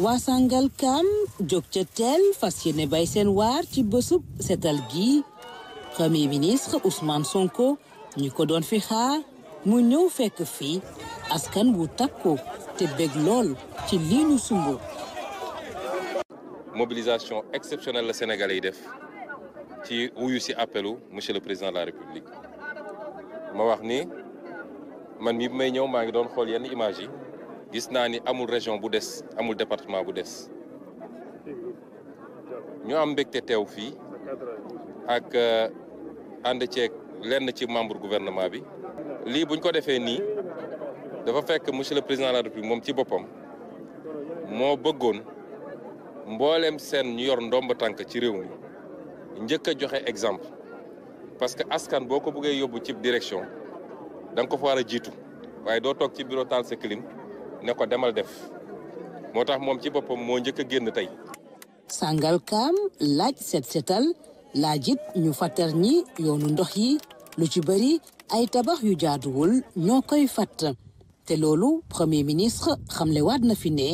waa Sangalkam jóg ca teel fas yéene bay seen waar ci bésub setal gi premier ministre Ousmane Sonko ñu ko doon fi xaar mu ñëw fekk fii askan wu takku te bég lool ci lii ñu sumb mobilisation exceptionnelle la Sénégalais yi def ci wuyu si appelu monsieur le président de la république ma wax ni man mi may ñëw maa ngi doon xool yenn image yi gis naa ni amul région bu des amul département bu des ñu am mbégte teew fii ak euh, ànd ceeg lenn ci membre gouvernement bi. lii buñ ko defee nii dafa fekk monsieur le président de la république moom ci boppam moo bëggoon mbooleem seen ñu yor ndomb tànk ci réew mi njëkk a joxe exemple parce que askan boo ko bëggee yóbbu ci direction da nga ko fa war a jiitu waaye doo toog ci bureau taal sa clim. ne ko demal def moo tax moom ci boppam moo jëkk a génn tey. Sangalkam laaj set setal laajit ñu fattar ñi yoonu ndox yi lu ci bëri ay tabax yu jaaduwul ñoo koy fatt te loolu premier ministre xamlewaat na fi ne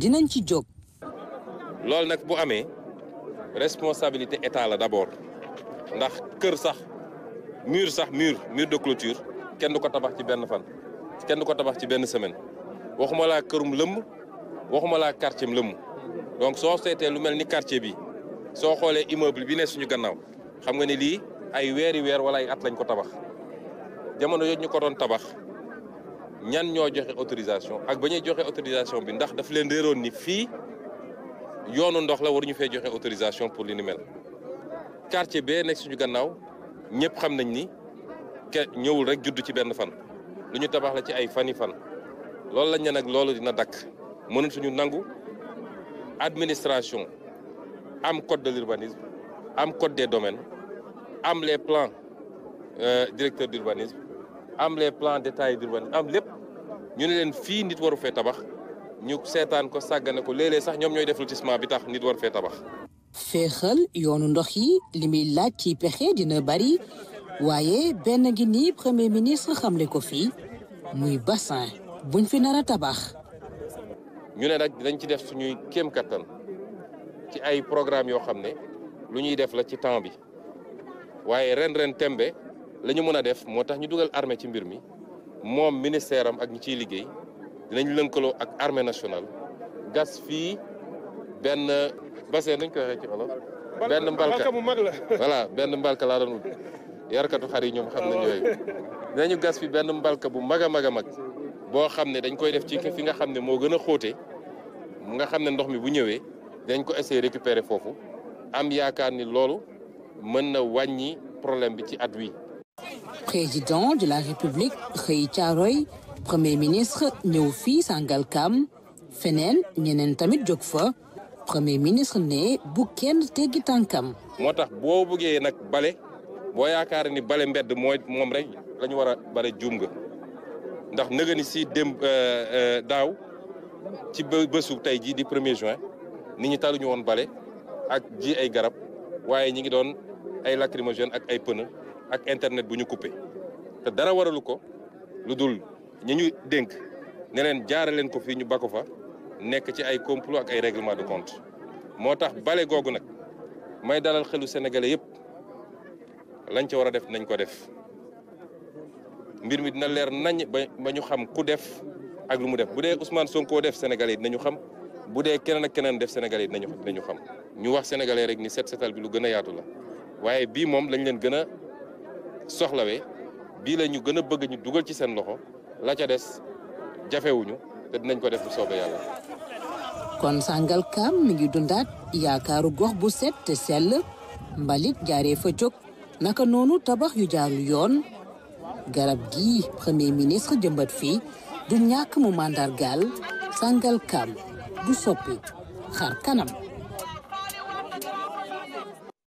dinañ ci jóg. loolu nag bu amee responsabilité état la d'abord ndax kër sax mur sax mur mur de clôture kenn du ko tabax ci benn fan kenn ko tabax ci benn semaine. waxuma laa kërum lëmm waxuma laa quartier lëmm donc soo seetee lu mel ni quartier bi soo xoolee immeuble bi ne suñu gannaaw xam nga ne lii ay weeri weer wala ay at lañ ko tabax jamono yooyu ñu ko doon tabax ñan ñoo joxe autorisation ak ba ñuy joxe autorisation bi ndax daf leen réeroon ni fii yoonu ndox la waruñu fee joxe autorisation pour li ni mel quartier bee nekk suñu gannaaw ñëpp xam nañ ni ñëwul rek juddu ci benn fan lu ñu tabax la ci ay fani fan loolu lañ ne nag loolu dina dakk mënatuñu nangu administration am code de l'urbanisme am code des domaines am les plans euh, directeurs d'urbanisme am les plans détaillés d'urbanisme am lépp ñu ne leen fii nit waru fee tabax ñu seetaan ko sàggane ko léeg-léeg sax ñoom ñooy def lotissement bi tax nit waru fee tabax féexal yoonu ndox yi li muy laaj ci pexe dina bari waaye benn ngi nii premier ministre ne ko fii muy bassin buñ fi nar a tabax. ñu ne nag dinañ ci def suñuy kéem kattan ci ay programme yoo xam ne lu ñuy def la ci temps bi waaye ren ren tembe lañu mën a def moo tax ñu dugal armée ci mbir mi moom ministère am ak ñi ciy liggéey dinañ lënkaloo ak armée national gas fii benn bassin nañ ko waxee ci wolof. benn mbalka mu mag la voilà benn mbalka laa doon yarkatu xar yi ñoom xam nañ yooyu dinañu gas fi benn mbalka bu mag a mag a mag. boo xam ne dañ koy def ci fi nga xam ne moo gën a xóote mu nga xam ne ndox mi bu ñëwee dañ ko essayer récupérer foofu am yaakaar ni loolu mën na wàññi problème bi ci at wi. président de la république xëy caaroy premier ministre ñëw fii Sangalkam feneen ñeneen tamit jóg fa premier ministre ne bu kenn teggi tànkam. moo tax boo buggee nag bale boo yaakaar ni bale mbedd mooy moom rek la ñu war a bale juum ndax nëgëni si démb euh, euh, daaw ci bésu tey jii di premier juin ni ñi taluñu woon bale ak ji ay garab waaye ñi ngi doon ay lacrymogène ak ay pneu ak internet bu ñu coupé te dara waralu ko lu dul ñi ñu dénk ne leen jaare leen ko fii ñu bako fa nekk ci ay complot ak ay réglement de compte moo tax bale googu nag may dalal xelu sénégalais yépp lañ ci war a def nañ ko def mbir mi dina leer nañ ba ba ñu xam ku def ak lu mu def bu dee Ousmane Sonko def Sénégalais yi dinañu xam bu dee keneen ak keneen def Sénégalais yi dinañu dinañu xam ñu wax Sénégalais rek ni seet setal bi lu gën a yaatu la waaye bii moom lañ leen gën a soxlawee bii la ñu gën a bëgg ñu dugal ci seen loxo la ca des jafewuñu te dinañ ko def bu soobee yàlla. kon Sangalkam mi ngi dundaat yaakaaru gox bu set te sell mbalit jaaree fa jóg naka noonu tabax yu jaarul yoon. garab gi premier ministre jëmbat fii du ñàkk mu màndargaal sàngal kam du soppi xar kanam